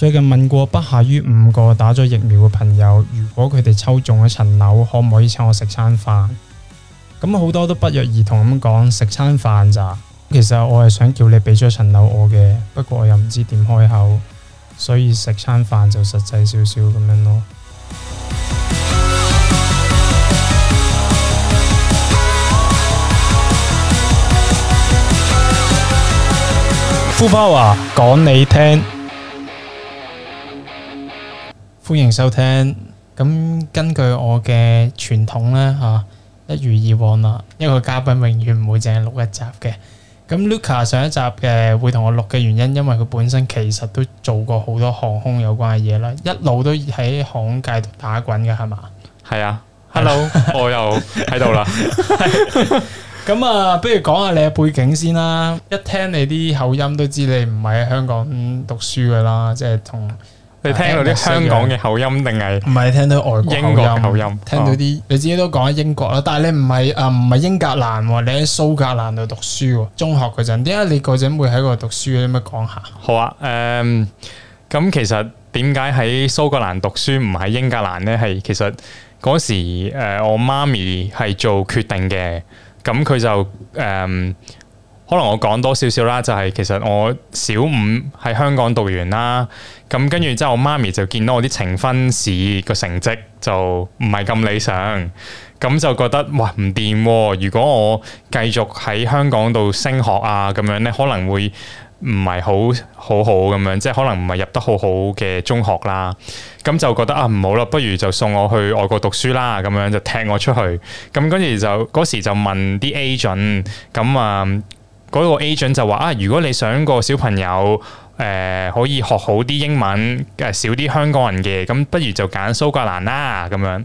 最近問過不下於五個打咗疫苗嘅朋友，如果佢哋抽中咗層樓，可唔可以請我食餐飯？咁好多都不約而同咁講食餐飯咋。其實我係想叫你畀咗層樓我嘅，不過我又唔知點開口，所以食餐飯就實際少少咁樣咯。呼包話講你聽。歡迎收聽，咁根據我嘅傳統咧吓，一如以往啦。因為一個嘉賓永遠唔會淨係錄一集嘅。咁 Luca 上一集嘅會同我錄嘅原因，因為佢本身其實都做過好多航空有關嘅嘢啦，一路都喺航空界度打滾嘅係嘛？係啊，啊，Hello， 我又喺度啦。咁啊，不如講下你嘅背景先啦。一聽你啲口音都知你唔係喺香港讀書噶啦，即係同。你聽到啲香港嘅口音定係？唔係，聽到外國英國口音，聽到啲你自己都講喺英國啦。但係你唔係誒，唔係英格蘭，你喺蘇格蘭度讀書。中學嗰陣，點解你嗰陣會喺嗰度讀書咧？咁樣講下。好啊，誒，咁其實點解喺蘇格蘭讀書唔喺英格蘭呢？係其實嗰時誒，我媽咪係做決定嘅，咁佢就誒。可能我講多少少啦，就係、是、其實我小五喺香港讀完啦，咁跟住之後，我媽咪就見到我啲成分試呈分試個成績就唔係咁理想，咁就覺得哇唔掂、哦，如果我繼續喺香港度升學啊咁樣呢可能會唔係好，好好好咁樣，即係可能唔係入得好好嘅中學啦，咁就覺得啊唔好啦，不如就送我去外國讀書啦，咁樣就踢我出去，咁跟住就嗰時就問啲 agent 咁啊。嗰個 agent 就話啊，如果你想個小朋友誒可以學好啲英文，誒、呃、少啲香港人嘅，咁不如就揀蘇格蘭啦，咁樣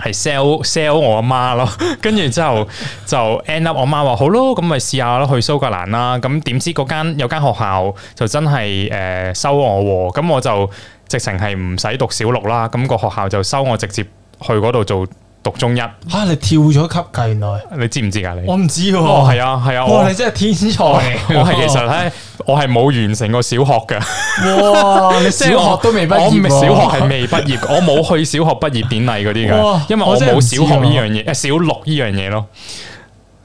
係 sell sell 我阿媽咯， 跟住之後就 end up 我媽話好咯，咁咪試下咯，去蘇格蘭啦。咁點知嗰間有間學校就真係誒、呃、收我喎、啊，咁我就直情係唔使讀小六啦。咁、個學校就收我，直接去嗰度做。讀中一吓，你跳咗級計原來，你知唔知啊？你我唔知喎，係啊係啊，哇！你真係天才，我係其實咧，我係冇完成過小學噶，哇！你小學都未畢業？小學係未畢業，我冇去小學畢業典禮嗰啲噶，因為我冇小學呢樣嘢，小六呢樣嘢咯。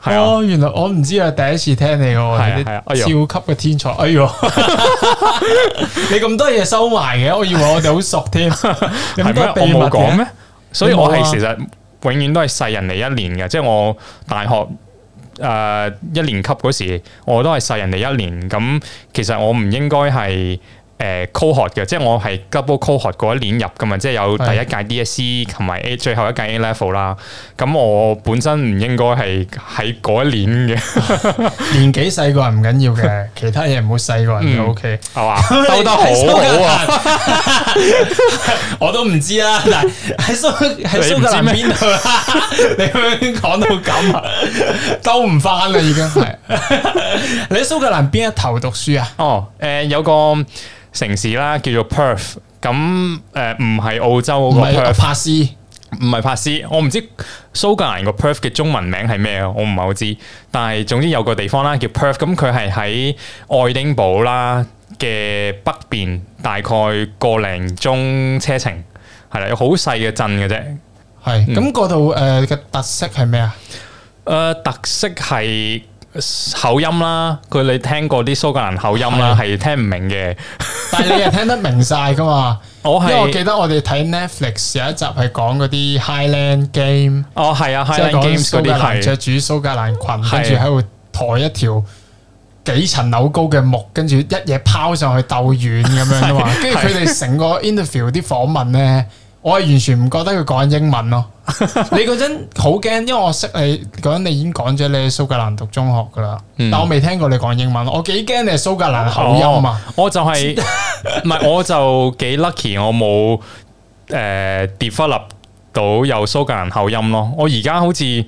係啊，原來我唔知啊，第一次聽你，係係啊，超級嘅天才，哎呦，你咁多嘢收埋嘅，我以為我哋好熟添，有咩秘密冇講咩？所以我係其實。永遠都係細人哋一年嘅，即係我大學誒、呃、一年級嗰時，我都係細人哋一年。咁其實我唔應該係。誒，科學嘅，即係我係 double 科學嗰一年入噶嘛，即係有第一屆 DSE 同埋 A 最後一屆 A level 啦。咁、啊、我本身唔應該係喺嗰一年嘅。哈哈哈哈，年紀細個唔緊要嘅，其他嘢唔好細個就 OK 係嘛，兜得好好啊。我都唔知啦，喺蘇喺蘇格蘭邊度啊？你講 到咁，啊？兜唔翻啦已經係。 你喺蘇格蘭邊一頭讀書啊？哦，誒、呃、有個。呃呃城市啦，叫做 Perth，咁誒唔係澳洲嗰個 Perth，唔係珀斯，唔係珀斯，我唔知蘇格蘭個 Perth 嘅中文名係咩，我唔係好知。但係總之有個地方啦，叫 Perth，咁佢係喺愛丁堡啦嘅北邊，大概個零鐘車程，係啦，有好細嘅鎮嘅啫。係，咁嗰度誒嘅特色係咩啊？誒、嗯呃，特色係。口音啦，佢你聽過啲蘇格蘭口音啦，係聽唔明嘅。但係你係聽得明晒噶嘛？我係，因為我記得我哋睇 Netflix 有一集係講嗰啲 Highland Game。哦，係啊，Highland Games 嗰啲係。即係講啲蘇格蘭着住蘇格蘭裙，跟住喺度抬一條幾層樓高嘅木，跟住一嘢拋上去鬥遠咁樣噶嘛？跟住佢哋成個 interview 啲訪問咧，我係完全唔覺得佢講緊英文咯。 你嗰陣好驚，因為我識你嗰陣，你已經講咗你喺蘇格蘭讀中學噶啦，嗯、但我未聽過你講英文，我幾驚你係蘇格蘭口音嘛、啊哦？我就係、是，唔係 我就幾 lucky，我冇誒 develop 到有蘇格蘭口音咯，我而家好似。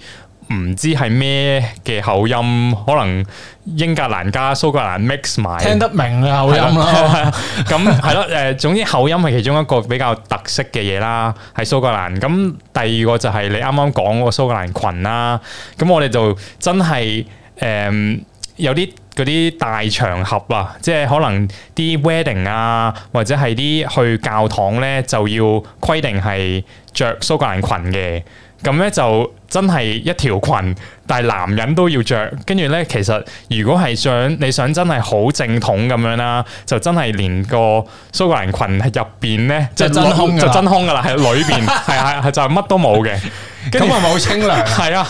唔知係咩嘅口音，可能英格蘭加蘇格蘭 mix 埋，聽得明嘅口音咯、 嗯。咁係咯，誒，總之口音係其中一個比較特色嘅嘢啦，係蘇格蘭。咁、嗯、第二個就係你啱啱講嗰個蘇格蘭裙啦。咁我哋就真係誒、嗯、有啲嗰啲大場合啊，即係可能啲 wedding 啊，或者係啲去教堂呢，就要規定係着蘇格蘭裙嘅。咁呢就。真係一條裙，但係男人都要着。跟住呢，其實如果係想你想真係好正統咁樣啦，就真係連個蘇格蘭裙喺入邊呢，就真空，就真空噶啦，係裏邊，係係就乜都冇嘅。咁係咪好清涼？係啊，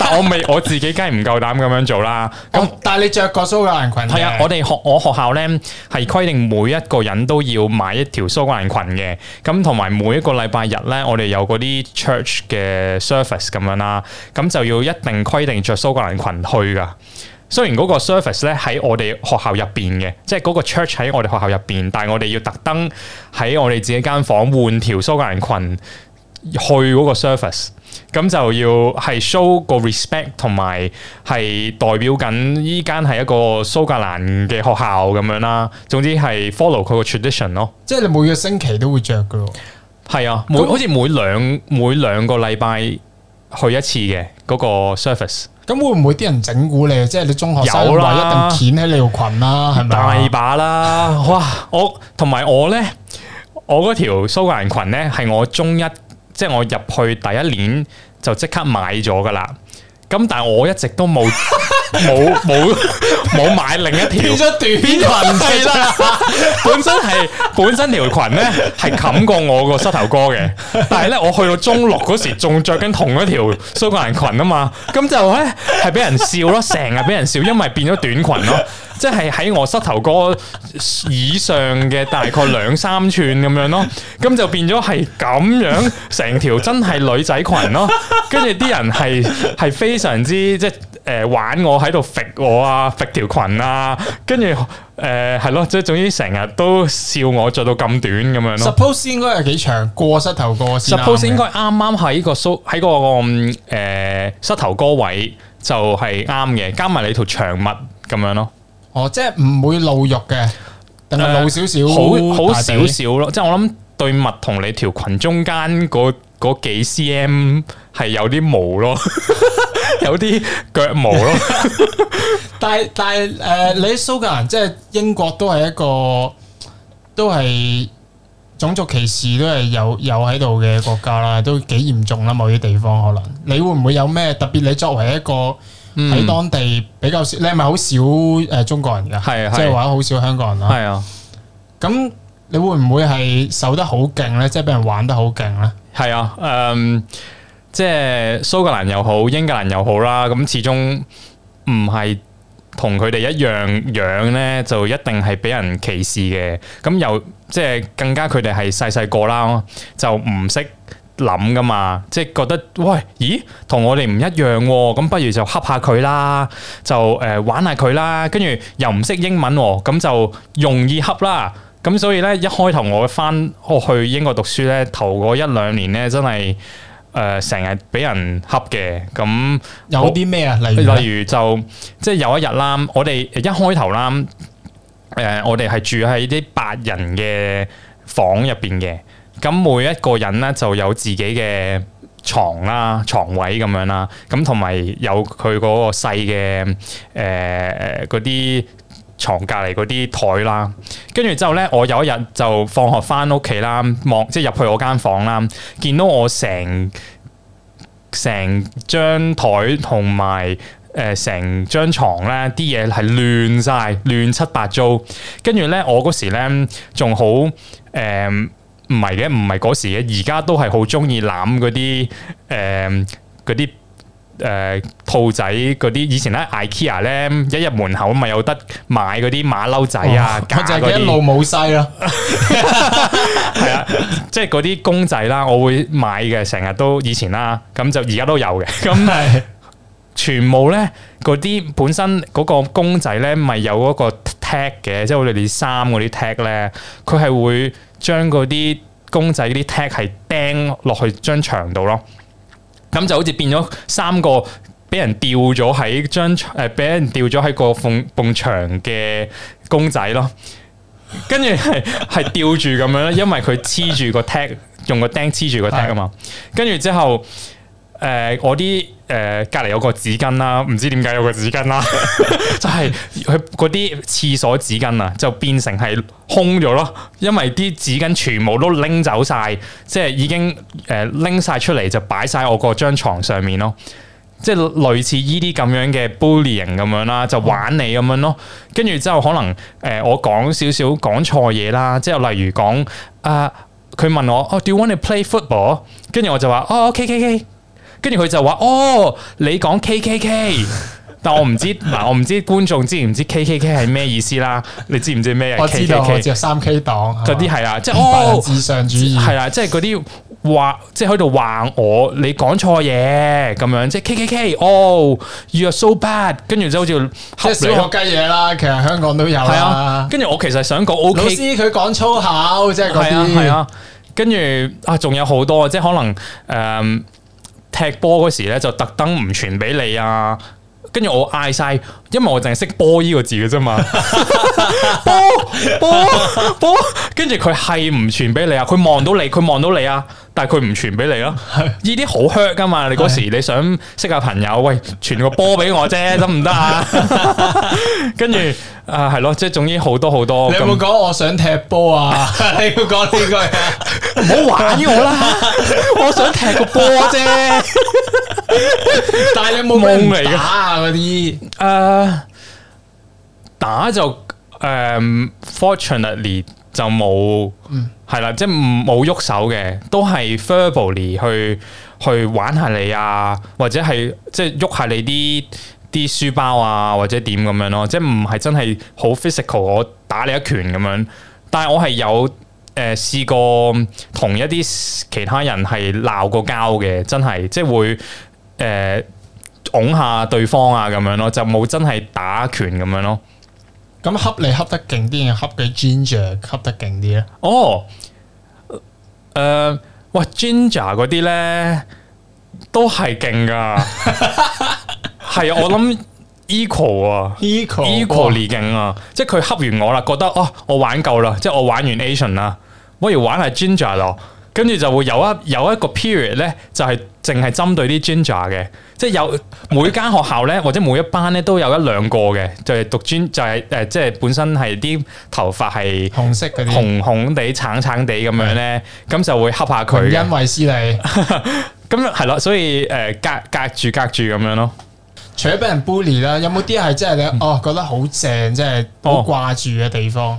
但我未我自己，梗係唔夠膽咁樣做啦。咁但係你着過蘇格蘭裙。係啊，我哋學我學校呢，係規定每一個人都要買一條蘇格蘭裙嘅。咁同埋每一個禮拜日呢，我哋有嗰啲 church 嘅 service。咁樣啦，咁就要一定規定着蘇格蘭裙去噶。雖然嗰個 service 咧，喺我哋學校入邊嘅，即係嗰個 church 喺我哋學校入邊，但係我哋要特登喺我哋自己間房換條蘇格蘭裙去嗰個 service。咁就要係 show 個 respect，同埋係代表緊依間係一個蘇格蘭嘅學校咁樣啦。總之係 follow 佢個 tradition 咯。即係你每個星期都會着噶咯。係啊，每我好似每兩每兩個禮拜。去一次嘅嗰、那個 surface，咁會唔會啲人整蠱你？即係你中學有話一,一定捲喺你條裙啦，係咪吧？大把啦！ 哇！我同埋我呢，我嗰條蘇格蘭裙呢，係我中一，即係我入去第一年就即刻買咗噶啦。咁但係我一直都冇。 冇冇冇買另一條，變咗短裙啦！ 本身係本身條裙咧係冚過我個膝頭哥嘅，但係咧我去到中六嗰時仲着緊同一條蘇格蘭裙啊嘛，咁就咧係俾人笑咯，成日俾人笑，因為變咗短裙咯，即係喺我膝頭哥以上嘅大概兩三寸咁樣咯，咁就變咗係咁樣，成條真係女仔裙咯，跟住啲人係係非常之即係。誒，玩我喺度揈我啊，揈條裙啊，跟住誒係咯，即係總之成日都笑我着到咁短咁、那個那個呃、樣咯。Suppose 應該係幾長過膝頭哥先啦。Suppose 應該啱啱喺個蘇喺個誒膝頭哥位就係啱嘅，加埋你條長襪咁樣咯。哦，即係唔會露肉嘅，但係露點點、呃、少少，好好少少咯。即係我諗對襪同你條裙中間個。嗰幾 cm 係有啲毛咯， 有啲腳毛咯。 但係但係誒、呃，你蘇格蘭即係英國都係一個都係種族歧視都係有有喺度嘅國家啦，都幾嚴重啦。某啲地方可能你會唔會有咩特別？你作為一個喺當地比較少，你係咪好少誒中國人㗎？係即係話好少香港人咯。係啊是，咁你會唔會係受得好勁咧？即係俾人玩得好勁咧？係啊，嗯、呃，即係蘇格蘭又好，英格蘭又好啦，咁始終唔係同佢哋一樣樣咧，就一定係俾人歧視嘅。咁又即係更加佢哋係細細個啦，就唔識諗噶嘛，即係覺得喂，咦，同我哋唔一樣、喎，咁不如就恰下佢啦，就誒、呃、玩下佢啦，跟住又唔識英文、喎，咁就容易恰啦。咁所以咧，一開頭我翻我去英國讀書咧，頭嗰一兩年咧，真係誒成日俾人恰嘅。咁有啲咩啊？例如，例如就即係有一日啦，我哋一開頭啦，誒、呃、我哋係住喺啲八人嘅房入邊嘅。咁每一個人咧就有自己嘅床啦、床位咁樣啦。咁同埋有佢嗰個細嘅誒誒嗰啲，呃床隔籬嗰啲台啦，跟住之後呢，我有一日就放學翻屋企啦，望即係入去我間房啦，見到我成成張台同埋誒成張床呢啲嘢係亂晒、亂七八糟。跟住呢，我嗰時呢仲好誒，唔係嘅，唔係嗰時嘅，而家都係好中意攬嗰啲誒嗰啲。呃誒、欸，兔仔嗰啲以前咧，IKEA 咧一入門口咪有得買嗰啲馬騮仔啊，我就係一路冇晒咯。係啊， 即係嗰啲公仔啦，我會買嘅，成日都以前啦，咁就而家都有嘅。咁係是，全部咧嗰啲本身嗰個公仔咧，咪有一個 tag 嘅，即係我哋啲衫嗰啲 tag 咧，佢係會將嗰啲公仔啲嗰啲 tag 係釘落去張牆度咯。咁就好似變咗三個俾人吊咗喺張床誒，俾、呃、人吊咗喺個縫埲牆嘅公仔咯，跟住係係吊住咁樣咧，因為佢黐住個 tag 用個釘黐住個 tag 啊嘛，的跟住之後。誒、呃、我啲誒隔離有個紙巾啦，啊，唔知點解有個紙巾啦，啊， 就係佢嗰啲廁所紙巾啊，就變成係空咗咯，因為啲紙巾全部都拎走晒，即係已經誒拎晒出嚟就擺晒我嗰張床上面咯，即係類似依啲咁樣嘅 bullying 咁樣啦，就玩你咁樣咯，跟住之後可能誒、呃、我講少少講錯嘢啦，即係例如講啊，佢、呃、問我哦、oh，do you want to play football？跟住我就話哦，ok，ok，ok。Oh, okay, okay, okay。跟住佢就話哦，oh, 你講 K K K， 但我唔知嗱、 啊，我唔知觀眾知唔知 K K K 係咩意思啦？你知唔知咩？我知道，即係三 K 黨嗰啲係啊，即係白人至上主義係啦，即係嗰啲話，即係喺度話我你講錯嘢咁樣，即係 K K K 哦，you are so bad，跟住即係好似即係小學雞嘢啦，其實香港都有係啊。跟住我其實想講，O 老師佢講粗口，即係嗰啲係啊係啊，跟住啊仲有好多，即係可能誒。呃嗯嗯踢波嗰時咧就特登唔傳俾你啊，跟住我嗌晒，因為我淨係識波呢個字嘅啫嘛，波波波。跟住佢係唔傳俾你啊！佢望到你，佢望到你啊！但係佢唔傳俾你咯。呢啲好 hurt 噶嘛。你嗰時你想識下朋友，喂，傳個波俾我啫，得唔得啊？跟住啊，係、呃、咯，即係總之好多好多。你有冇講我想踢波啊？ 你有冇啊 要講呢句，唔好玩我啦！我想踢個波啫。 但係你冇咩嚟啊。嗰啲誒打就誒、呃、fortunately。就冇，係啦、嗯，即係冇喐手嘅，都係 verbally 去去玩下你啊，或者係即係喐下你啲啲書包啊，或者點咁樣咯，即係唔係真係好 physical，我打你一拳咁樣，但係我係有誒試、呃、過同一啲其他人係鬧過交嘅，真係即係會誒拱、呃、下對方啊咁樣咯，就冇真係打拳咁樣咯。咁恰你恰得勁啲，恰嘅 ginger 恰得勁啲咧。哦，誒，哇，ginger 嗰啲咧都係勁㗎，係啊，我諗 equal 啊，equal，equal 嚟勁啊，即係佢恰完我啦，覺得哦，我玩夠啦，即係我玩完 Asian 啦，不如玩下 ginger 咯。跟住就會有一有一個 period 咧，就係淨係針對啲 ginger 嘅，即係有每間學校咧，或者每一班咧，都有一兩個嘅，就係、是、讀專，就係、是、誒、呃，即係本身係啲頭髮係紅色啲，紅紅地、橙橙地咁、嗯、樣咧，咁就會恰下佢。因為師弟，咁係咯，所以誒、呃、隔隔住隔住咁樣咯。除咗俾人 bully 啦，有冇啲係即係你哦，嗯、覺得好正，即係好掛住嘅地方？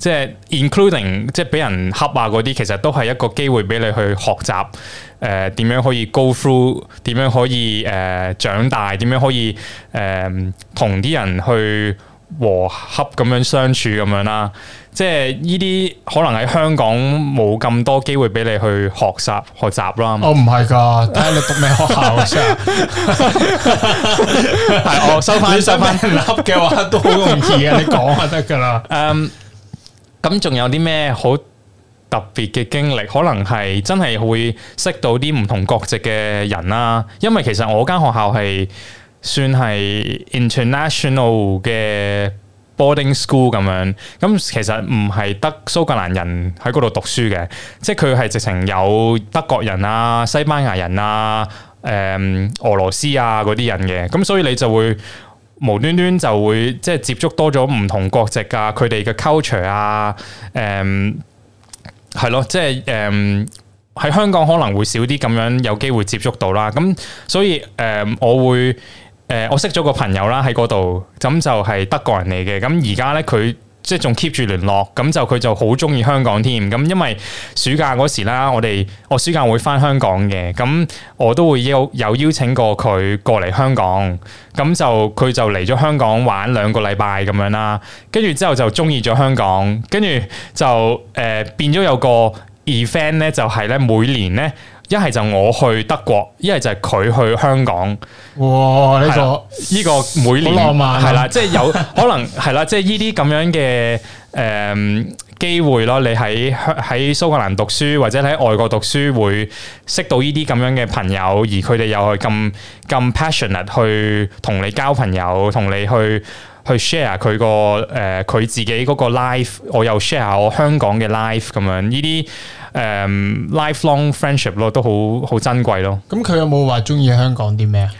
即係 including，即係俾人恰啊嗰啲，其實都係一個機會俾你去學習，誒、呃、點樣可以 go through，點樣可以誒、呃、長大，點樣可以誒同啲人去和洽咁樣相處咁樣啦。即係呢啲可能喺香港冇咁多機會俾你去學習學習啦。我唔係噶，睇下你讀咩學校先啊？係我收翻收翻人恰嘅話，都好容易嘅、啊，你講下得噶啦。嗯。咁仲有啲咩好特別嘅經歷？可能係真係會識到啲唔同國籍嘅人啦、啊。因為其實我間學校係算係 international 嘅 boarding school 咁樣。咁其實唔係得蘇格蘭人喺嗰度讀書嘅，即係佢係直情有德國人啊、西班牙人啊、誒、嗯、俄羅斯啊嗰啲人嘅。咁所以你就會。無端端就會即係接觸多咗唔同國籍啊，佢哋嘅 culture 啊，誒、嗯，係咯，即係誒喺香港可能會少啲咁樣有機會接觸到啦。咁、嗯、所以誒、嗯，我會誒、呃、我識咗個朋友啦喺嗰度，咁就係、是、德國人嚟嘅。咁而家咧佢。即係仲 keep 住聯絡，咁就佢就好中意香港添。咁因為暑假嗰時啦，我哋我暑假會返香港嘅，咁我都會邀有邀請過佢過嚟香港。咁就佢就嚟咗香港玩兩個禮拜咁樣啦。跟住之後就中意咗香港。跟住就誒、呃、變咗有個 event 咧，就係咧每年咧。一係就我去德國，一係就係佢去香港。哇！呢、啊這個呢個每年係啦，即係、啊啊就是、有 可能係啦，即係呢啲咁樣嘅誒、呃、機會咯。你喺香喺蘇格蘭讀書，或者喺外國讀書，會識到呢啲咁樣嘅朋友，而佢哋又係咁咁 passionate 去同你交朋友，同你去去 share 佢個誒佢、呃、自己嗰個 life，我又 share 我香港嘅 life 咁樣呢啲。誒，lifelong friendship 咯，都好好珍貴咯。咁佢有冇話中意香港啲咩啊？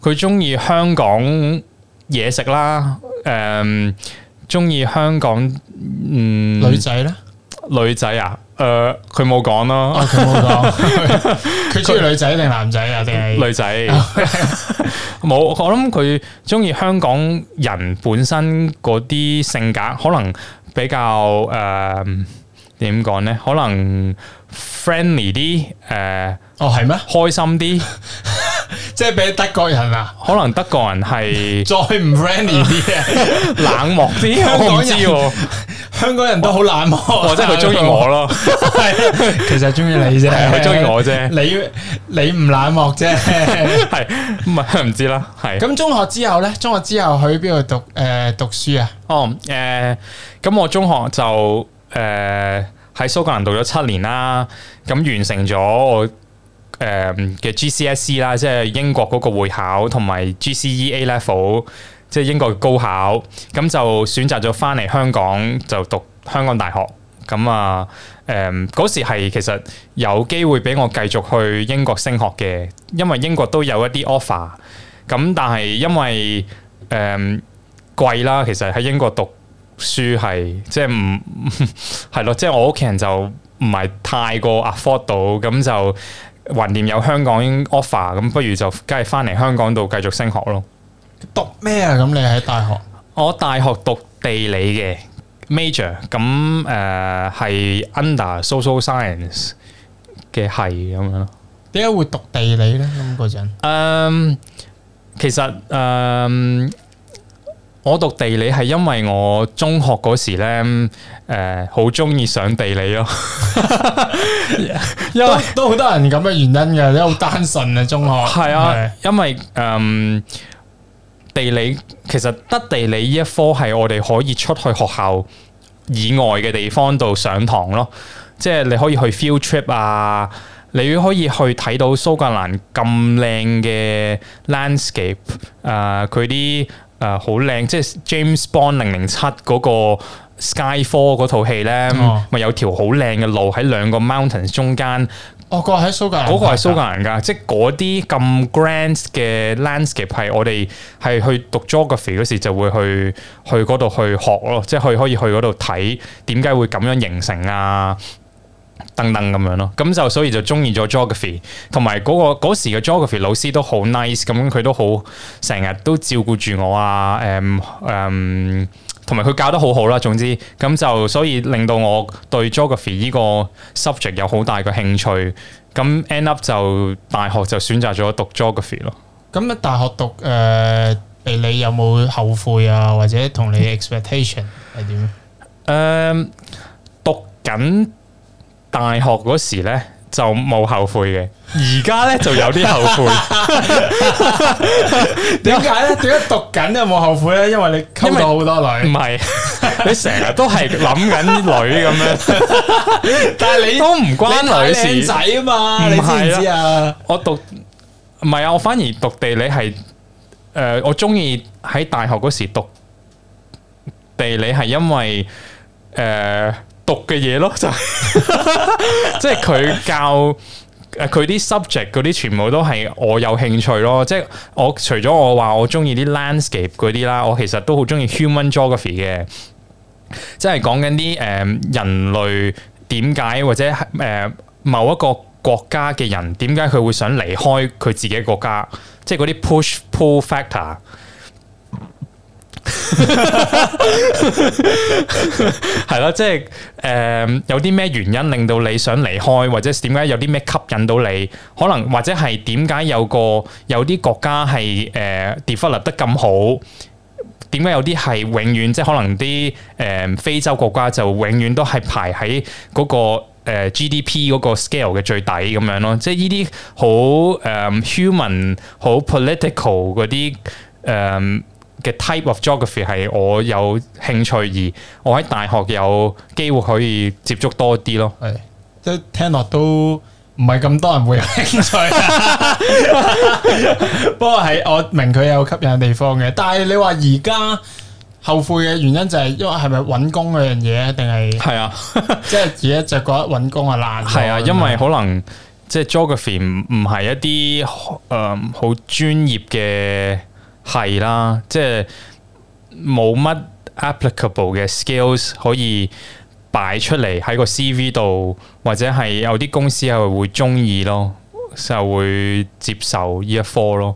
佢中意香港嘢食啦，誒，中意香港嗯女仔咧？女仔啊？誒，佢冇講咯，佢冇講。佢中意女仔定男仔啊？定係女仔？冇，我諗佢中意香港人本身嗰啲性格，可能比較誒。點講咧？可能 friendly 啲誒，哦係咩？開心啲，即係俾德國人啊？可能德國人係再唔 friendly 啲，冷漠啲。我唔知喎，香港人都好冷漠，即係佢中意我咯。其實中意你啫，佢中意我啫。你你唔冷漠啫，係唔係唔知啦？係咁中學之後咧？中學之後去邊度讀誒讀書啊？哦誒，咁我中學就。誒喺蘇格蘭讀咗七年啦，咁完成咗我誒嘅 GCSE 啦，即係英國嗰個會考，同埋 GCE A level，即係英國高考。咁就選擇咗翻嚟香港就讀香港大學。咁啊，誒嗰時係其實有機會俾我繼續去英國升學嘅，因為英國都有一啲 offer。咁但係因為誒貴啦，其實喺英國讀。書係即係唔係咯，即係 我屋企人就唔係太過 afford 到，咁就懷念有香港 offer，咁不如就梗係翻嚟香港度繼續升學咯。讀咩啊？咁你喺大學？我大學讀地理嘅 major，咁誒係、呃、under social science 嘅係咁樣。點解會讀地理呢？咁嗰陣，嗯，um, 其實誒。Um, 我讀地理係因為我中學嗰時咧，誒、呃，好中意上地理咯， 因為 都都好多人咁嘅原因嘅，你好單純啊中學。係啊，因為誒、呃，地理其實得地理呢一科係我哋可以出去學校以外嘅地方度上堂咯，即係你可以去 field trip 啊，你可以去睇到蘇格蘭咁靚嘅 landscape，誒、呃，佢啲。誒好靚，即係 James Bond 零零七嗰個 Skyfall 嗰套戲咧，咪有條好靚嘅路喺兩個 mountain 中間。哦，個喺蘇格蘭，嗰個係蘇格蘭㗎，即係嗰啲咁 grand 嘅 landscape 係我哋係去讀 geography 嗰時就會去去嗰度去學咯，即係去可以去嗰度睇點解會咁樣形成啊！等等咁樣咯，咁就所以就中意咗 geography，同埋嗰個嗰時嘅 geography 老師都好 nice，咁佢都好成日都照顧住我啊，誒誒，同埋佢教得好好啦。總之，咁就所以令到我對 geography 呢個 subject 有好大嘅興趣。咁 end up 就大學就選擇咗讀 geography 咯。咁喺大學讀，誒你有冇後悔啊？或者同你 expectation 係點樣？誒，讀緊。大學嗰時呢，就冇後悔嘅，而家呢，就有啲後悔。點解 呢？點解讀緊有冇後悔呢？因為你溝咗好多女，唔係 你成日都係諗緊女咁樣。 但係你都唔關女事。你知唔知啊？我讀唔係啊？我反而讀地理系。誒、呃，我中意喺大學嗰時讀地理系，因為誒。呃讀嘅嘢咯，就 即係佢教，誒佢啲 subject 嗰啲全部都係我有興趣咯。即係我除咗我話我中意啲 landscape 嗰啲啦，我其實都好中意 human geography 嘅，即係講緊啲誒人類點解或者誒、呃、某一個國家嘅人點解佢會想離開佢自己國家，即係嗰啲 push pull factor。係咯， 即係誒、呃，有啲咩原因令到你想離開，或者點解有啲咩吸引到你？呃、可能或者係點解有個有啲國家係誒 develop 得咁好？點解有啲係永遠即係可能啲誒非洲國家就永遠都係排喺嗰、那個誒、呃、GDP 嗰個 scale 嘅最底咁樣咯？即係呢啲好誒 human 好 political 嗰啲誒。呃嘅 type of geography 係我有興趣，而我喺大學有機會可以接觸多啲咯。係，即聽落都唔係咁多人會有興趣。 不過係我明佢有吸引嘅地方嘅，但係你話而家後悔嘅原因就係，因為係咪揾工嗰樣嘢，定係係啊？ 即係而家就覺得揾工啊難。係啊，這樣 因為可能即係、就是、geography 唔唔係一啲誒好專業嘅。係啦，即係冇乜 applicable 嘅 skills 可以擺出嚟喺個 CV 度，或者係有啲公司係會中意咯，就會接受呢一科咯，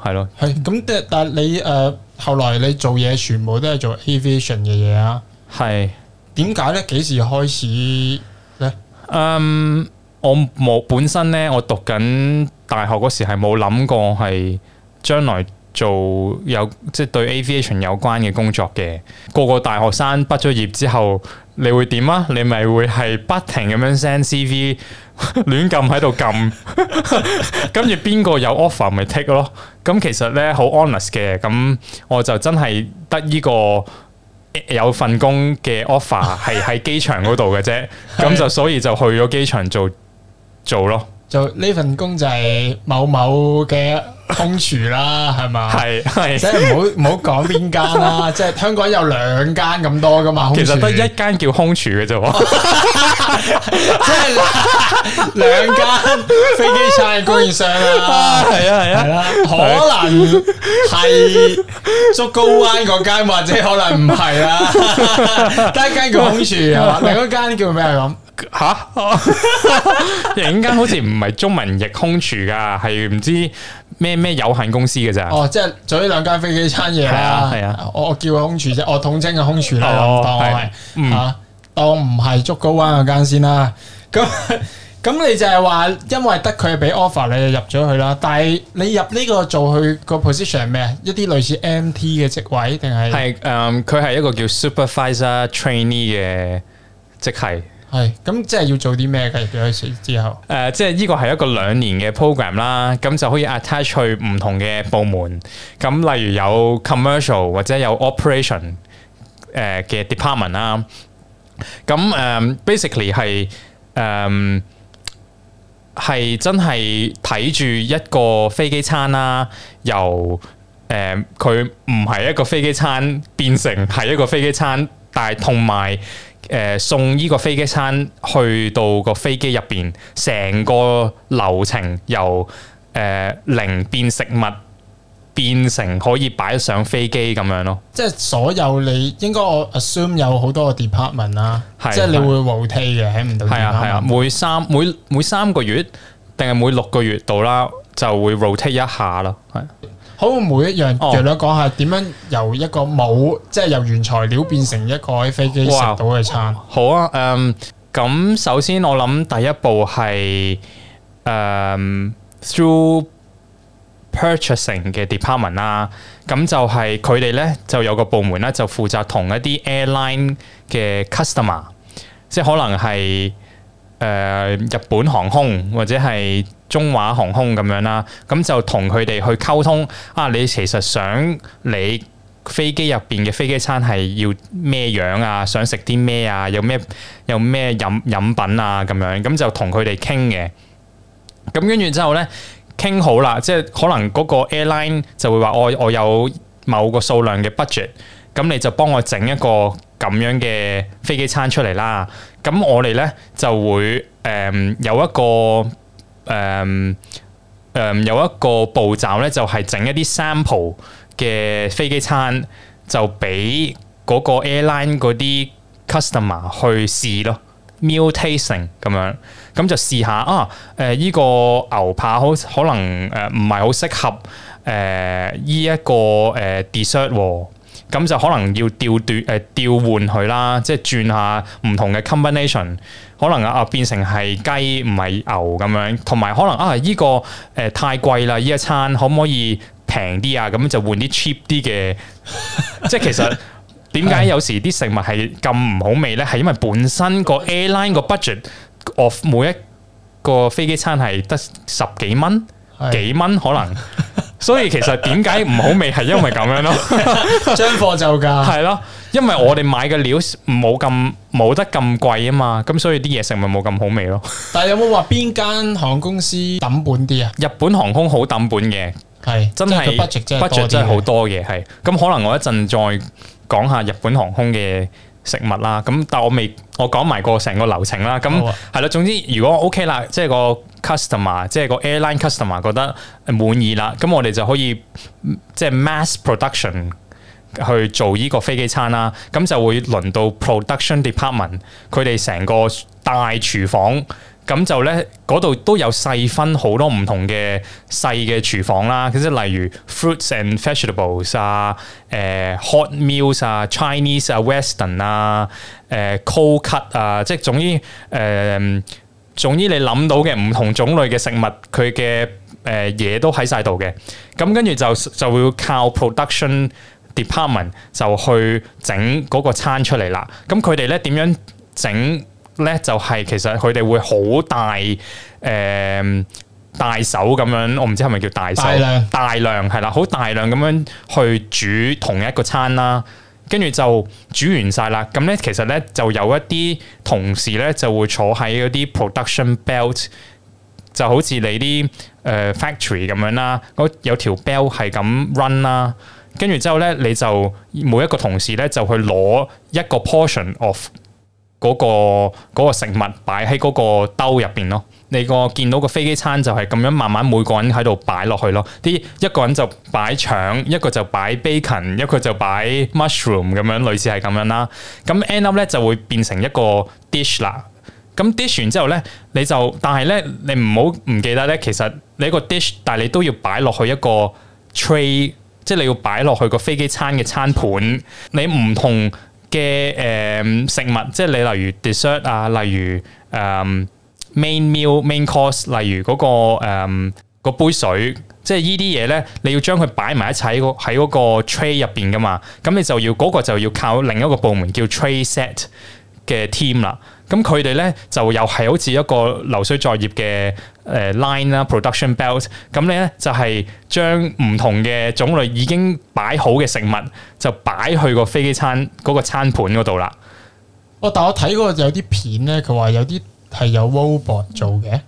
係咯。係咁，但但你誒、呃，後來你做嘢全部都係做 aviation 嘅嘢啊？係點解咧？幾時開始咧？嗯、um，我冇本身咧，我讀緊大學嗰時係冇諗過係將來。做有即係對 aviation 有關嘅工作嘅，個個大學生畢咗業之後，你會點啊？你咪會係不停咁樣 send CV，亂撳喺度撳，跟住邊個有 offer 咪 take 咯。咁其實呢，好 honest 嘅，咁我就真係得呢個有份工嘅 offer 係喺機場嗰度嘅啫，咁 就所以就去咗機場做做咯。就呢份工就係某某嘅。空廚啦，係嘛？係係，即係唔好唔好講邊間啦，即係香港有兩間咁多噶嘛？其實得一間叫空廚嘅啫喎， 即係兩間飛機餐供應商啦，係啊係啊，可能係竹篙灣嗰間，或者可能唔係啦，得 一間叫空廚啊嘛， 另一間叫咩咁？吓，突然間好似唔係中文譯空廚噶，係唔知咩咩有限公司嘅咋？哦，即係做呢兩間飛機餐嘢啊，係啊，我我叫空廚啫，我統稱啊空廚啦，哦、當係，嗯，啊、當唔係竹篙灣嗰間先啦。咁 咁、嗯，你就係話因為得佢俾 offer，你就入咗去啦。但係你入呢個做佢個 position 係咩？一啲類似 MT 嘅職位定係？係，嗯，佢係一個叫 supervisor trainee 嘅職系。係咁、 嗯，即係要做啲咩嘅？你之後誒，即係呢個係一個兩年嘅 program 啦，咁就可以 attach 去唔同嘅部門。咁例如有 commercial 或者有 operation 誒嘅 department 啦。咁誒，basically 係誒係真係睇住一個飛機餐啦，由誒佢唔係一個飛機餐變成係一個飛機餐，但係同埋。誒、呃、送呢個飛機餐去到個飛機入邊，成個流程由誒、呃、零變食物變成可以擺上飛機咁樣咯。即係所有你應該我 assume 有好多個 department 啦、啊，啊、即係你會 rotate 嘅，喺唔到係啊係啊，每三每每三個月定係每六個月度啦，就會 rotate 一下啦，係、啊。好，每一樣，弱佬講下點樣由一個冇，即係由原材料變成一個喺飛機食到嘅餐。好啊，誒、嗯、咁首先我諗第一步係誒、嗯、through purchasing 嘅 department 啦。咁就係佢哋咧就有個部門咧就負責同一啲 airline 嘅 customer，即係可能係。誒、呃、日本航空或者係中華航空咁樣啦，咁就同佢哋去溝通啊，你其實想你飛機入邊嘅飛機餐係要咩樣啊？想食啲咩啊？有咩有咩飲飲品啊？咁樣咁就同佢哋傾嘅。咁跟住之後呢，傾好啦，即係可能嗰個 airline 就會話我我有某個數量嘅 budget，咁你就幫我整一個。咁樣嘅飛機餐出嚟啦，咁我哋呢，就會誒、呃、有一個誒、呃呃、有一個步驟呢就係整一啲 sample 嘅飛機餐，就俾嗰個 airline 嗰啲 customer 去試咯，meal tasting 咁樣，咁就試下啊誒呢、呃呢個牛扒好可能唔係好適合誒呢一個誒 dessert 喎。咁就可能要調斷誒調換佢啦，即係轉下唔同嘅 combination，可能啊變成係雞唔係牛咁樣，同埋可能啊呢個誒太貴啦呢一餐，可唔可以平啲啊？咁就換啲 cheap 啲嘅， 即係其實點解有時啲食物係咁唔好味呢？係因為本身個 airline 個 budget of 每一個飛機餐係得十幾蚊、幾蚊可能。 所以其實點解唔好味係因為咁樣咯，將貨就價係咯，因為我哋買嘅料冇咁冇得咁貴啊嘛，咁所以啲嘢食咪冇咁好味咯。但係有冇話邊間航空公司抌本啲啊？日本航空好抌本嘅，係是真係不 u d 真係好多嘅，係咁可能我一陣再講下日本航空嘅。食物啦，咁但我未我講埋個成個流程啦，咁係啦。總之如果 OK 啦，即係個 customer，即係個 airline customer 覺得滿意啦，咁我哋就可以即係 mass production 去做呢個飛機餐啦，咁就會輪到 production department 佢哋成個大廚房。咁就咧，嗰度都有細分好多唔同嘅細嘅廚房啦。其實例如 fruits and vegetables 啊，誒、呃、hot meals 啊，Chinese 啊，Western 啊，誒、呃、cold cut 啊，即係總之誒、呃、總之你諗到嘅唔同種類嘅食物，佢嘅誒嘢都喺晒度嘅。咁跟住就就會靠 production department 就去整嗰個餐出嚟啦。咁佢哋咧點樣整？咧就係其實佢哋會好大誒、呃、大手咁樣，我唔知係咪叫大手大量係啦，好大量咁樣去煮同一個餐啦，跟住就煮完晒啦。咁咧其實咧就有一啲同事咧就會坐喺嗰啲 production belt，就好似你啲誒、呃、factory 咁樣啦，有條 belt 係咁 run 啦，跟住之後咧你就每一個同事咧就去攞一個 portion of。嗰個嗰個食物擺喺嗰個兜入邊咯，你個見到個飛機餐就係咁樣慢慢每個人喺度擺落去咯，啲一個人就擺腸，一個就擺 bacon，一個就擺 mushroom 咁樣，類似係咁樣啦。咁 end up 咧就會變成一個 dish 啦。咁 dish 完之後咧，你就但係咧，你唔好唔記得咧，其實你個 dish，但係你都要擺落去一個 tray，即係你要擺落去個飛機餐嘅餐盤，你唔同，嘅誒食物，即係你例如 dessert 啊，例如誒 main meal main course，例如嗰個誒個杯水，即係依啲嘢咧，你要將佢擺埋一齊喺嗰個 tray 入邊噶嘛，咁你就要嗰、嗰個就要靠另一個部門叫 tray set 嘅 team 啦。咁佢哋咧就又係好似一個流水作業嘅誒 line 啦，production belt。咁你咧就係將唔同嘅種類已經擺好嘅食物，就擺去個飛機餐嗰個餐盤嗰度啦。哦，但係我睇過有啲片咧，佢話有啲係有 robot 做嘅。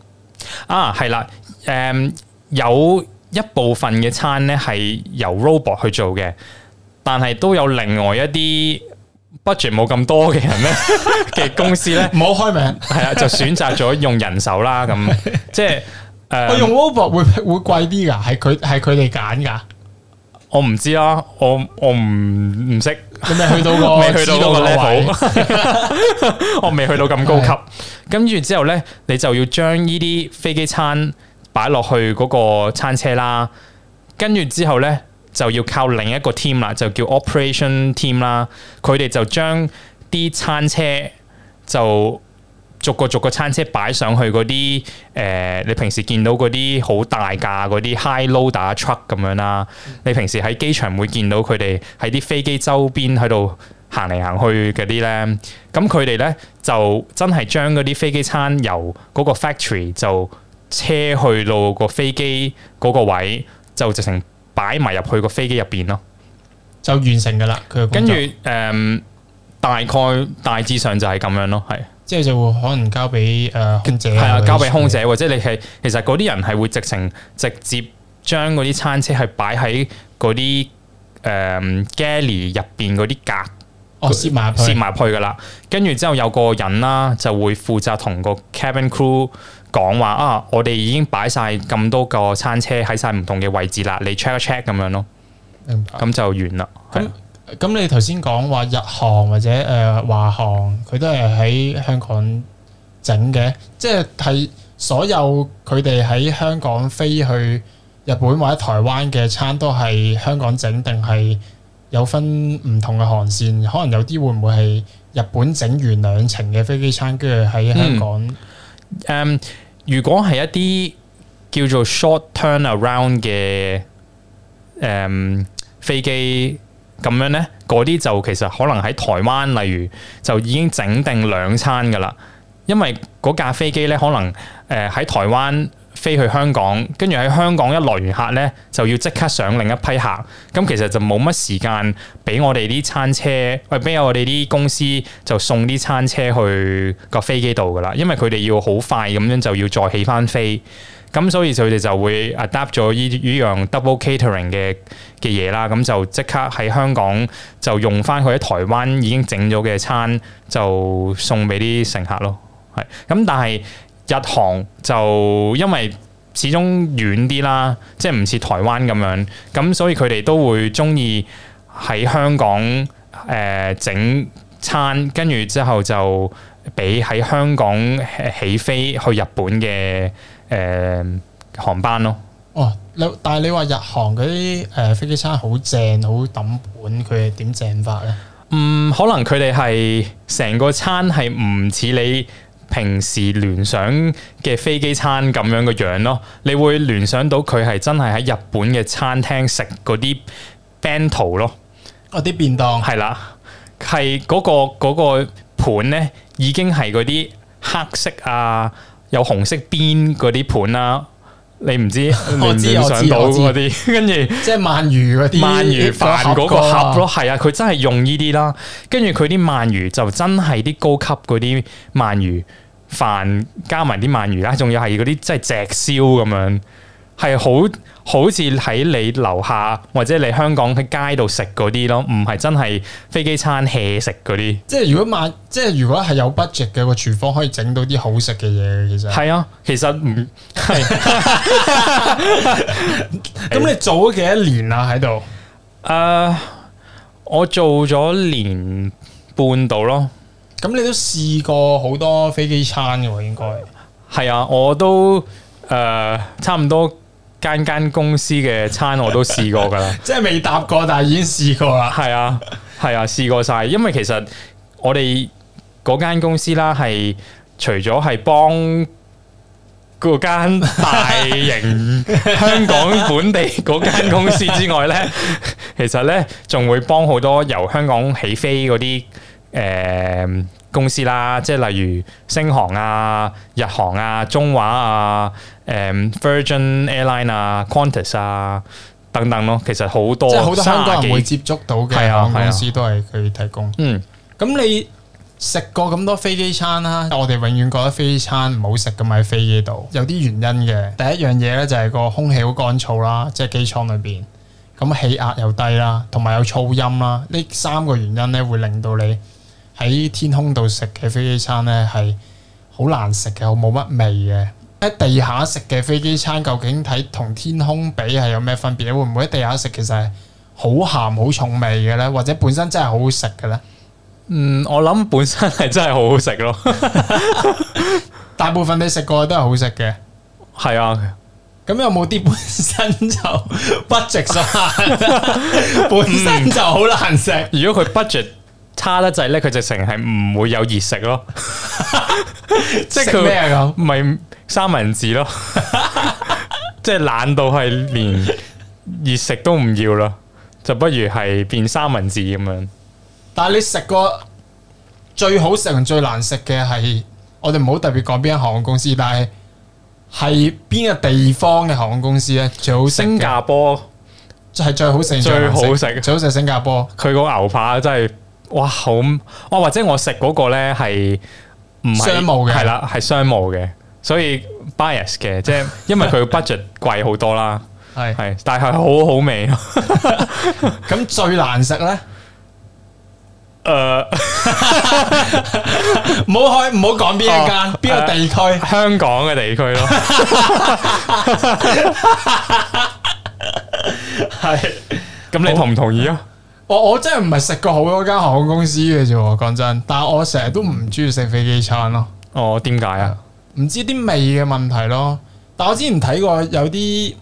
啊，係啦，誒有一部分嘅餐咧係由 robot 去做嘅，但係都有另外一啲。budget 冇咁多嘅人咧嘅 公司咧，唔好開名係 啊，就選擇咗用人手啦，咁即係誒，我用 robot 會會貴啲噶，係佢係佢哋揀噶，我唔知啦，我我唔唔識，咁你去到、那個 去到、那個我未 去到咁高級，跟住 對 之後咧，你就要將呢啲飛機餐擺落去嗰個餐車啦，跟住之後咧。就要靠另一個 team 啦，就叫 operation team 啦。佢哋就將啲餐車就逐個逐個餐車擺上去嗰啲誒，你平時見到嗰啲好大架嗰啲 high loader truck 咁樣啦。嗯、你平時喺機場會見到佢哋喺啲飛機周邊喺度行嚟行去嗰啲咧。咁佢哋咧就真係將嗰啲飛機餐由嗰個 factory 就車去到個飛機嗰個位，就直情，擺埋入去個飛機入邊咯，就完成噶啦。佢跟住誒，大概大致上就係咁樣咯，係。即係就會可能交俾誒、呃空，啊、空姐，係啊，交俾空姐，或者你係其實嗰啲人係會直程直接將嗰啲餐車係擺喺嗰啲誒、呃、galley 入邊嗰啲格，哦，攝埋攝埋去噶啦。跟住之後有個人啦，就會負責同個 cabin crew。講話啊！我哋已經擺晒咁多個餐車喺晒唔同嘅位置啦，你 check check 咁樣咯，咁白就完啦。咁那是你頭先講話日航或者誒、呃、華航，佢都係喺香港整嘅，即、就、係、是、所有佢哋喺香港飛去日本或者台灣嘅餐都係香港整，定係有分唔同嘅航線？可能有啲會唔會係日本整完兩程嘅飛機餐，跟住喺香港？嗯 Um, 如果係一啲叫做 short turnaround 嘅誒、um, 飛機咁樣呢，嗰啲就其實可能喺台灣，例如就已經整定兩餐㗎喇，因為嗰架飛機呢，可能喺、呃、台灣。飛去香港，跟住喺香港一落完客呢，就要即刻上另一批客。咁其實就冇乜時間俾我哋啲餐車，或、哎、俾我哋啲公司就送啲餐車去個飛機度噶啦。因為佢哋要好快咁樣就要再起翻飛。咁所以佢哋就會 adapt 咗呢呢樣 double catering 嘅嘅嘢啦。咁就即刻喺香港就用翻佢喺台灣已經整咗嘅餐，就送俾啲乘客咯。係咁，但係。日航就因為始終遠啲啦，即係唔似台灣咁樣，咁所以佢哋都會鍾意喺香港誒整、呃、餐，跟住之後就俾喺香港起飛去日本嘅誒、呃、航班咯。哦，但你但係你話日航嗰啲誒飛機餐好正好揼本，佢係點正法咧？嗯，可能佢哋係成個餐係唔似你。平時聯想嘅飛機餐咁樣嘅樣咯，你會聯想到佢係真係喺日本嘅餐廳食嗰啲 bento 咯，嗰啲便當係啦，係嗰個嗰個盤呢已經係嗰啲黑色啊有紅色邊嗰啲盤啦、啊。你唔知道我聯想到嗰啲，跟住 後即係鰻魚嗰啲鰻魚飯嗰個盒咯，係啊，佢、啊、真係用呢啲啦。跟住佢啲鰻魚就真係啲高級嗰啲鰻魚飯，加埋啲鰻魚啦，仲要係嗰啲即係石燒咁樣。係好好似喺你樓下或者你香港喺街度食嗰啲咯，唔係真係飛機餐 hea 食嗰啲。即係如果買，即係如果係有 budget 嘅個廚房，可以整到啲好食嘅嘢。其實係啊，其實唔係。咁你做咗幾多年啦喺度？誒，uh, 我做咗年半度咯。咁你都試過好多飛機餐嘅喎？應該係啊，我都誒、呃、差唔多。間間公司嘅餐我都試過噶啦， 即係未搭過，但係已經試過啦。係 啊，係啊，試過晒。因為其實我哋嗰間公司啦，係除咗係幫嗰間大型香港本地嗰間公司之外呢， 其實呢仲會幫好多由香港起飛嗰啲，誒。呃公司啦，即係例如星航啊、日航啊、中華啊、誒、嗯、Virgin Airline 啊、Qantas 啊等等咯，啊，其實好多即係好多，多香港人會接觸到嘅航空公司都係佢提供。嗯，咁你食過咁多飛機餐啦，我哋永遠覺得飛機餐唔好食，咁喺飛機度有啲原因嘅。第一樣嘢咧就係個空氣好乾燥啦，即、就、係、是、機艙裏邊，咁氣壓又低啦，同埋有，有噪音啦，呢三個原因咧會令到你，喺天空度食嘅飛機餐呢，係好難食嘅，冇乜味嘅。喺地下食嘅飛機餐，究竟睇同天空比係有咩分別？會唔會喺地下食其實係好鹹、好重味嘅呢？或者本身真係好好食嘅呢？嗯，我諗本身係真係好好食咯。 大部分你食過都係好食嘅。係啊，咁有冇啲本身就 budget， 本身就好難食。 如果佢 budget。差得滯咧，佢直情係唔會有熱食咯。 即係佢咩啊？咁咪三文治咯。 即係懶到係連熱食都唔要啦，就不如係變三文治咁樣。但係你食過最好食同最難食嘅係，我哋唔好特別講邊間航空公司，但係係邊個地方嘅航空公司咧最好食？新加坡係最好食，最好食，最好食新加坡。佢個牛扒真係～哇，好哇，或者我食嗰個咧係唔係商務嘅，係啦，係商務嘅，所以 bias 嘅，即係因為佢個 budget 貴好多啦，係係，但係好好味咯。咁最難食咧？誒，唔好開唔好講邊一間邊個地區，香港嘅地區咯。係，咁你同唔同意啊？我我真係唔係食過好多間航空公司嘅啫，講真。但係我成日都唔中意食飛機餐咯。哦，點解啊？唔知啲味嘅問題咯。但我之前睇過有啲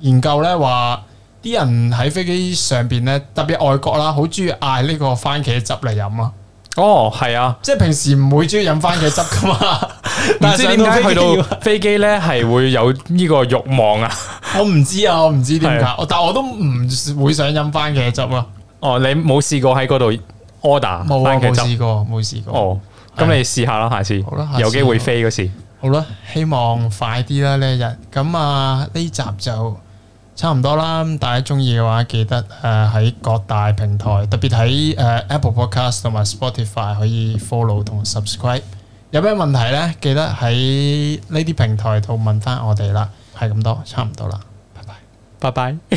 研究咧，話啲人喺飛機上邊咧，特別外國啦，好中意嗌呢個番茄汁嚟飲咯。哦，係啊，即係平時唔會中意飲番茄汁噶嘛。 但係點解去到飛機咧係會有呢個欲望啊？我唔知啊，我唔知點解。但係我都唔會想飲番茄汁咯。哦，你冇試過喺嗰度 order？冇啊。哦，冇試過，冇試過。哦，咁你試下啦，下次好啦，有機會飛嗰時好。好啦，希望快啲啦呢一日。咁啊，呢集就差唔多啦。大家中意嘅話，記得誒喺，呃、各大平台，嗯，特別喺，呃、Apple Podcast 同埋 Spotify 可以 follow 同 subscribe。有咩問題咧？記得喺呢啲平台度問翻我哋啦。係咁多，差唔多啦。拜拜，拜拜。